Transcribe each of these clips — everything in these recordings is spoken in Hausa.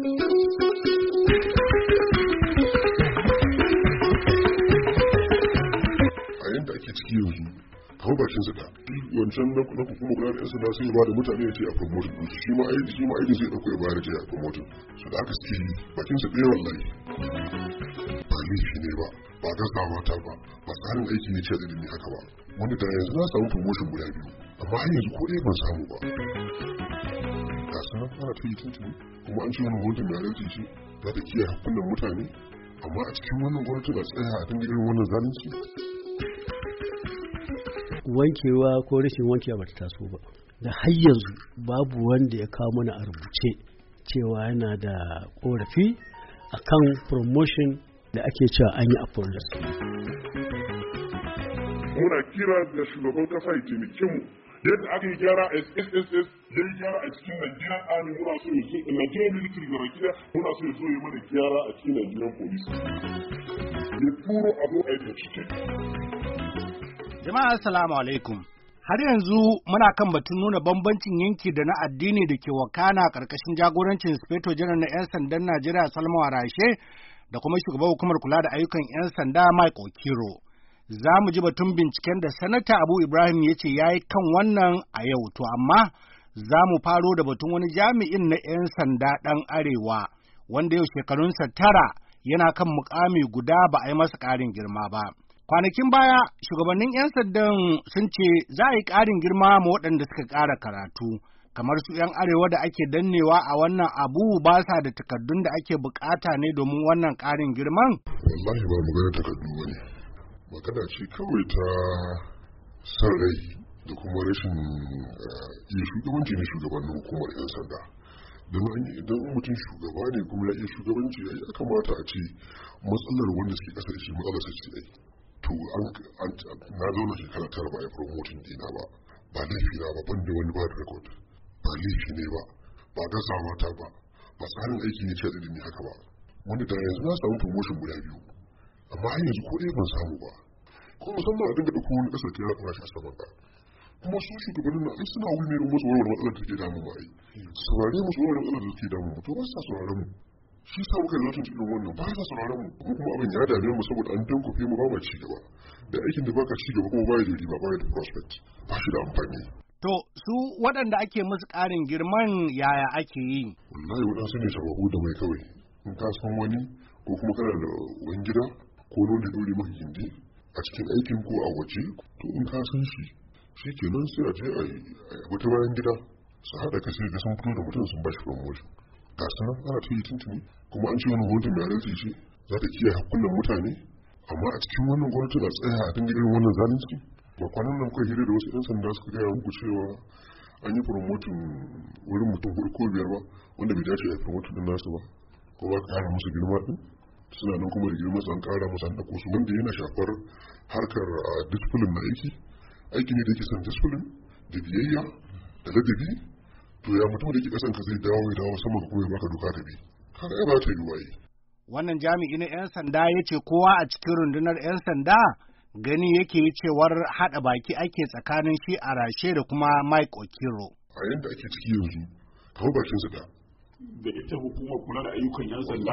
ciki yanzu kawo bakin su da wancan na hukumar gudanar yan sanda sun ba da mutane ya ce a promotin ɗin shi ma aiki shi ma aiki zai ɗauko ya bayar ya ce a promotin su da aka ciki yi bakin su ɗaya wallahi ba laifi ne ba ba gazawa ta ba ba tsarin aiki ne ce da ne haka ba wanda da yanzu za na samu promotion guda biyu amma har yanzu ko ɗaya ban samu ba gasa ana ta yi tuntuni kuma an ce wani gwamnati mai aiki ce za ta kiyaye hakkunan mutane amma a cikin wannan gwamnati ba tsaya a dinga irin wannan zalunci. wankewa ko rashin wankewa ba ta taso ba da har yanzu babu wanda ya kawo mana a rubuce cewa yana da korafi kan promotion da ake cewa an yi a muna kira da shugaban kasa ya taimake mu yadda aka yi gyara a sss ya yi gyara a cikin Nigerian Army muna so ya zo Nigerian military gaba gida muna so ya zo ya mana gyara a cikin Nigerian police. Ya turo abu a yadda cikin. Jama'a assalamu alaikum. Har yanzu muna kan batun nuna bambancin yanki da na addini da ke wakana karkashin jagorancin Sufeto Janar na 'yan sandan Najeriya Salma Warashe da kuma shugaban hukumar kula da ayyukan 'yan sanda Mike Okiro. za mu ji batun binciken da Sanata Abu Ibrahim ya ce ya yi kan wannan a yau, to amma za mu faro da batun wani jami'in na 'yan sanda ɗan Arewa, wanda yau shekarunsa tara yana kan mukami guda ba a yi masa ƙarin girma ba. Kwanakin baya, shugabannin 'yan sandan sun ce za a yi ƙarin girma ma waɗanda suka ƙara karatu. kamar su 'yan arewa da ake dannewa a wannan abu ba sa da takardun da ake bukata ne domin wannan ƙarin girman? Wallahi ba mu takardu ba magana ce kawai ta sarai rai da kuma rashin eh, iya shugabanci ne shugabannin hukumar 'yan sanda don idan mutum shugaba ne kuma ya iya shugabanci ya kamata a ce matsalar wanda suke kasar shi matsalar su ce to na zauna shi tara ba a yi promotin dina ba ba laifi na ba ban da wani ba da rekod ba laifi ne ba ba gasawa ta ba ba tsarin aiki ne ce da haka ba wanda da yanzu na samu promotion guda biyu amma har yanzu ko ɗaya ban samu ba ko musamman a dinga ɗauko wani ƙasar kira kuma shi a saman ka kuma su shugabannin na ai suna wuri ne musu warware matsalar da ke damun ba ai saurare musu warware matsalar da ke damun mu to ba sa saurare mu shi sa muka lashin cikin wannan ba sa sauraron mu kuma abin ya dame mu saboda an dankofe mu ba ma ci gaba da aikin da baka ci gaba kuma ba ya riba ba da prospect ba shi da amfani To su waɗanda ake musu ƙarin girman yaya ake yi? Wallahi waɗansu ne shababu da mai kawai in ka san wani ko kuma kana da wani gida ko wani da dole maka gindi a cikin aikin ko a waje to in ka san shi shi nan sai a je a yi wata bayan gida su haɗa ka sai ga sun fito da mutum sun bashi promotion ga su nan ana ta yi tuntuni kuma an ce wani gwamnatin mai adalci ce za ta kiyaye hakkunan mutane amma a cikin wannan gwamnati a tsaya a dinga irin wannan zalunci ba kwanan nan kuka hira da wasu 'yan sanda suka gaya muku cewa an yi promotion wurin mutum hudu ko biyar ba wanda bai dace a yi promotion din nasu ba ko ba ka hana musu girma din suna nan kuma da girma an kara masa an dako su wanda yana shafar harkar ah, disiplin na aiki aiki ne da yake son disiplin da biyayya da ladabi to ya mutum da yake kasan ka zai dawo ya dawo saman kuma ya baka doka ka bi kaga ya ba ta yi waye wannan jami'i na 'yan sanda ya ce kowa a cikin rundunar 'yan sanda gani yake cewar haɗa baki ake tsakanin shi a rashe da kuma mike okiro a yadda ake ciki yanzu kawo bakin su da da ita hukumar kula da ayyukan yan sanda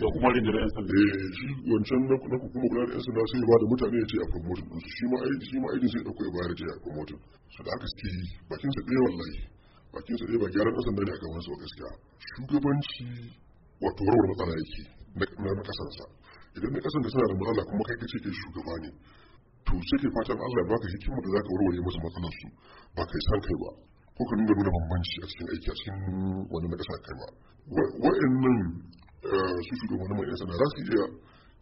da kuma rinjar yan sanda eh shi wancan na hukumar kula da yan sanda sai ba da mutane ya ce a promotion din shi ma aiki shi ma aidi sai da ya bayar ya a promotion da aka suke yi bakin sa ɗaya wallahi bakin sa ɗaya ba gyaran kasan da ne a gaban su gaskiya shugabanci wato warwar matsala yake na kasan sa idan na kasan da suna da matsala kuma kai kace kai shugaba ne to sai ke fatan Allah ya baka hikima da zaka warware musu matsalar su ba kai san kai ba ko ka nuna nuna bambanci a cikin aiki a cikin wani na kai ba nan eh, su shugabannin mai yasa za su iya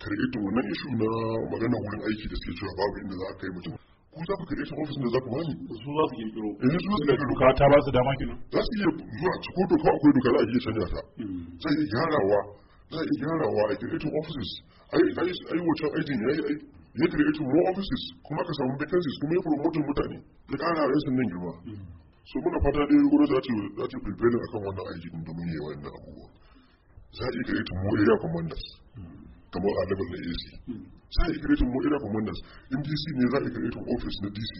karɓi wannan ishu na magana wurin aiki da suke cewa babu inda za a kai mutum ku za ku karɓi ofis da za ku bani su za su kiro eh su za su doka ta ba su dama kenan za su iya zuwa ko doka akwai doka za a iya canja ta sai hmm. iya gyarawa za a iya gyarawa a kirkiro offices ai ai ai wancan aikin yayi ai ya kirkiro more offices kuma ka samu vacancies kuma ya promote mutane da ƙara yasin nan girma hmm. so muna fata dai gudu za ta fulfilin kan wannan aiki din domin yi da abubuwa za a yi kare tun area commanders kamar a level na ac za a yi kare tun area commanders in dc ne za a yi kare tun office na dc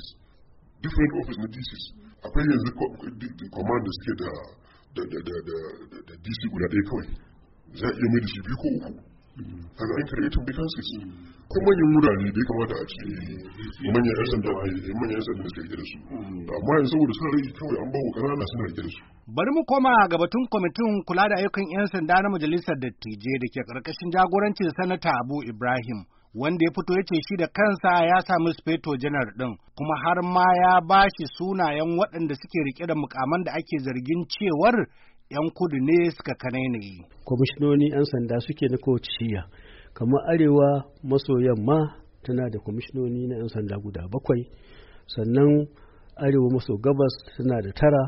different office na dcs akwai yanzu command da suke da dc guda ɗaya kawai za a iya mai da shi biyu ko uku kaga an creating vacancies ko manyan murare da ya kamata a ce eh, manyan yan sanda a yi eh, manyan yan sanda suka rike da su amma yanzu saboda suna rage kawai an bawa kanana suna rike da su bari mu koma ga batun kwamitin kula da ayyukan yan sanda na majalisar dattijai da ke karkashin jagorancin sanata abu ibrahim wanda ya fito ya ce shi da kansa ya samu speto janar ɗin kuma har ma ya ba shi sunayen waɗanda suke rike da mukaman da ake zargin cewar 'yan kudu ne suka kanainayi. Kwamishinoni 'yan sanda suke na kowace shiya, kamar arewa maso yamma tana da kwamishinoni na 'yan sanda guda bakwai, sannan arewa maso gabas tana da tara,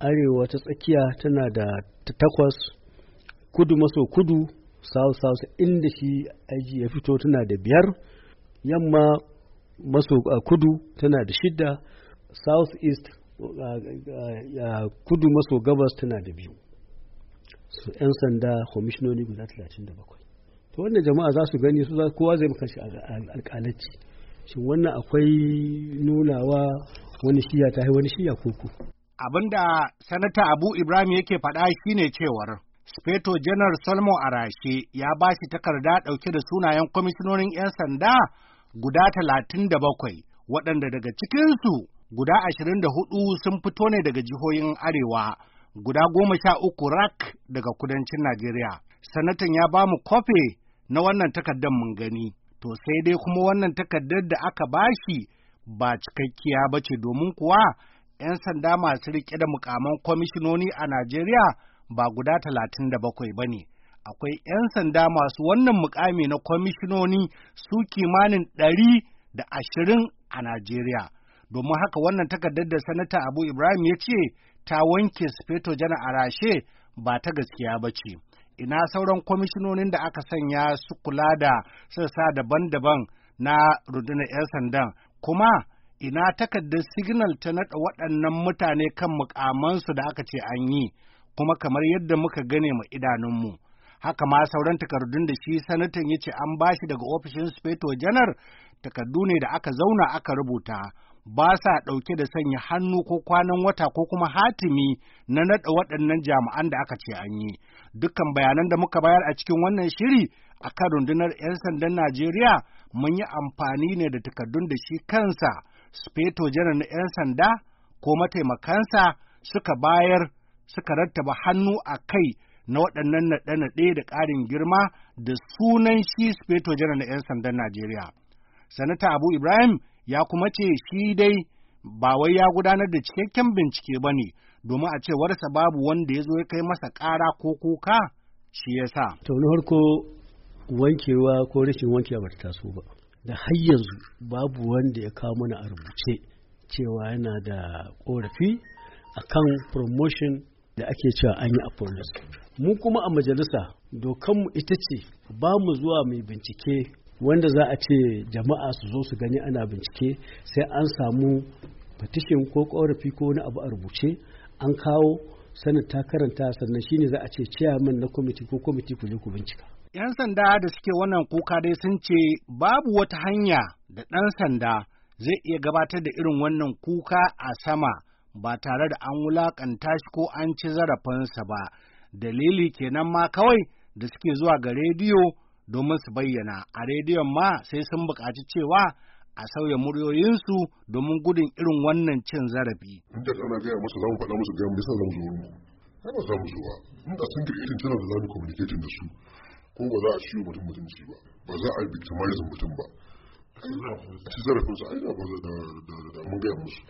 arewa ta tsakiya tana da takwas, kudu maso kudu, south south inda shi aji ya fito tana da biyar, yamma maso kudu tana da shidda, south east kudu maso gabas tana da biyu su 'yan sanda kwamishinoni guda 37 to wannan jama'a za su gani su kowa zai maka shi wannan akwai nunawa wani shiya ta wani shiya koko abinda sanata abu ibrahim yake faɗa shine cewar Speto Janar Salmo Arashi ya ba shi takarda ɗauke da sunayen kwamishinonin 'yan sanda guda talatin da bakwai, waɗanda daga cikinsu guda ashirin da hudu sun fito ne daga jihohin Arewa, guda goma sha uku rak daga kudancin Najeriya. Sanatan ya bamu mu kofe na wannan takardar mun gani, to sai dai kuma wannan takardar da aka bashi ba cikakkiya ba ce domin kuwa 'yan sanda masu rike da mukaman kwamishinoni a Najeriya ba guda talatin da bakwai ba ne. Akwai 'yan sanda masu wannan mukami na kwamishinoni su kimanin ɗari da ashirin a Najeriya. domin haka wannan takardar da sanata abu ibrahim ya ce ta wanke sufeto jana a rashe ba ta gaskiya ba ce ina sauran kwamishinonin da aka sanya su kula da sassa daban-daban na rundunar 'yan sandan kuma ina takardar signal ta naɗa waɗannan mutane kan mukamansu da aka ce an yi kuma kamar yadda muka gane mu idanunmu haka ma sauran takardun da shi sanatan ya ce an bashi daga ofishin speto janar takardu ne da aka zauna aka rubuta ba sa ɗauke da sanya hannu ko kwanan wata ko kuma hatimi na naɗa waɗannan jami'an da aka ce an yi. Dukkan bayanan da muka bayar a cikin wannan shiri a kan rundunar 'yan sandan Najeriya mun yi amfani ne da takardun da shi kansa Speto janar na 'yan sanda ko mataimakansa suka bayar suka rattaba hannu a kai na waɗannan naɗe-naɗe da ƙarin girma da sunan shi Speto janar na 'yan sandan Najeriya. Sanata Abu Ibrahim ya kuma ce shi dai ba wai ya gudanar da cikakken bincike ba ne domin a ce cewarsa babu wanda ya zo ya kai masa ƙara ko kuka shi ya sa. To na farko wankewa ko rashin wankewa ba ta taso ba. Da har yanzu babu wanda ya kawo mana a rubuce cewa yana da ƙorafi kan promotion da ake cewa an yi a mu kuma a majalisa dokanmu ita ce ba mu zuwa mai bincike wanda za a ce jama'a su zo su gani ana bincike sai an samu fatishin ko korafi ko wani abu a rubuce an kawo sanin ta karanta sannan shine za a ce ciyaman na kwamiti ko kwamiti ku je ku bincika 'yan sanda da suke wannan kuka dai sun ce babu wata hanya da ɗan sanda zai iya gabatar da irin wannan kuka a sama ba tare da an wulakanta shi ko an ci zarafinsa ba dalili kenan ma kawai da suke zuwa ga rediyo domin su bayyana a rediyon ma sai sun buƙaci cewa a sauya muryoyinsu domin gudun irin wannan cin zarafi. Inda ana gaya musu za mu faɗa musu gaya bisa za mu zo ba za mu zo ba. Inda sun ga irin cin da za mu communicating da su. Ko ba za a ciwo mutum mutunci ba. Ba za a victimizing mutum ba. Ci zarafin su ai ba da mun gaya musu.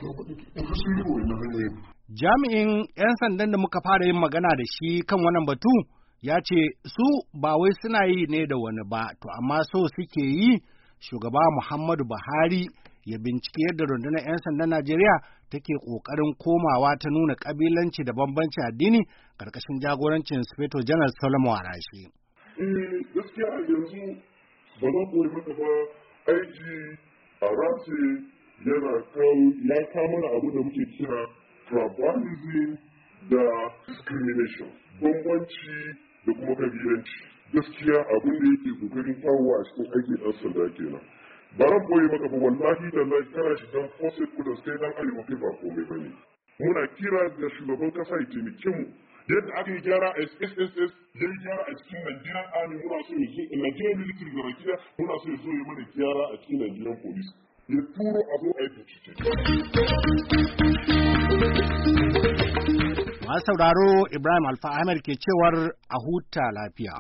Ba sun yi wannan hanyoyin. Jami'in 'yan sandan da muka fara yin magana da shi kan wannan batu ya ce su ba wai suna yi ne da wani ba, to amma so suke yi shugaba Muhammadu Buhari ya bincike yadda rundunar 'yan sandan Najeriya take kokarin komawa ta nuna kabilanci da bambanci addini ƙarƙashin jagorancin Sufeto Janar Solomon Arashi. Eh, yanzu yana kawo ya kawo mana da muke kira tribalism da discrimination. Bambanci da kuma kabilanci gaskiya abin da yake kokarin kawo a cikin aikin ɗan sanda kenan baran koyi maka ba wallahi da lai kana shi dan fosil kudin sai dan arewa kai ba komai ba ne muna kira da shugaban kasa ya taimake mu yadda aka yi gyara a sss ya yi gyara a cikin nigerian army muna so ya zo nigerian military gaba kida muna so ya zo ya mana gyara a cikin nigerian police ya turo abu a yi bincike Masu sauraro Ibrahim Alfa Ahmed ke cewar a huta lafiya.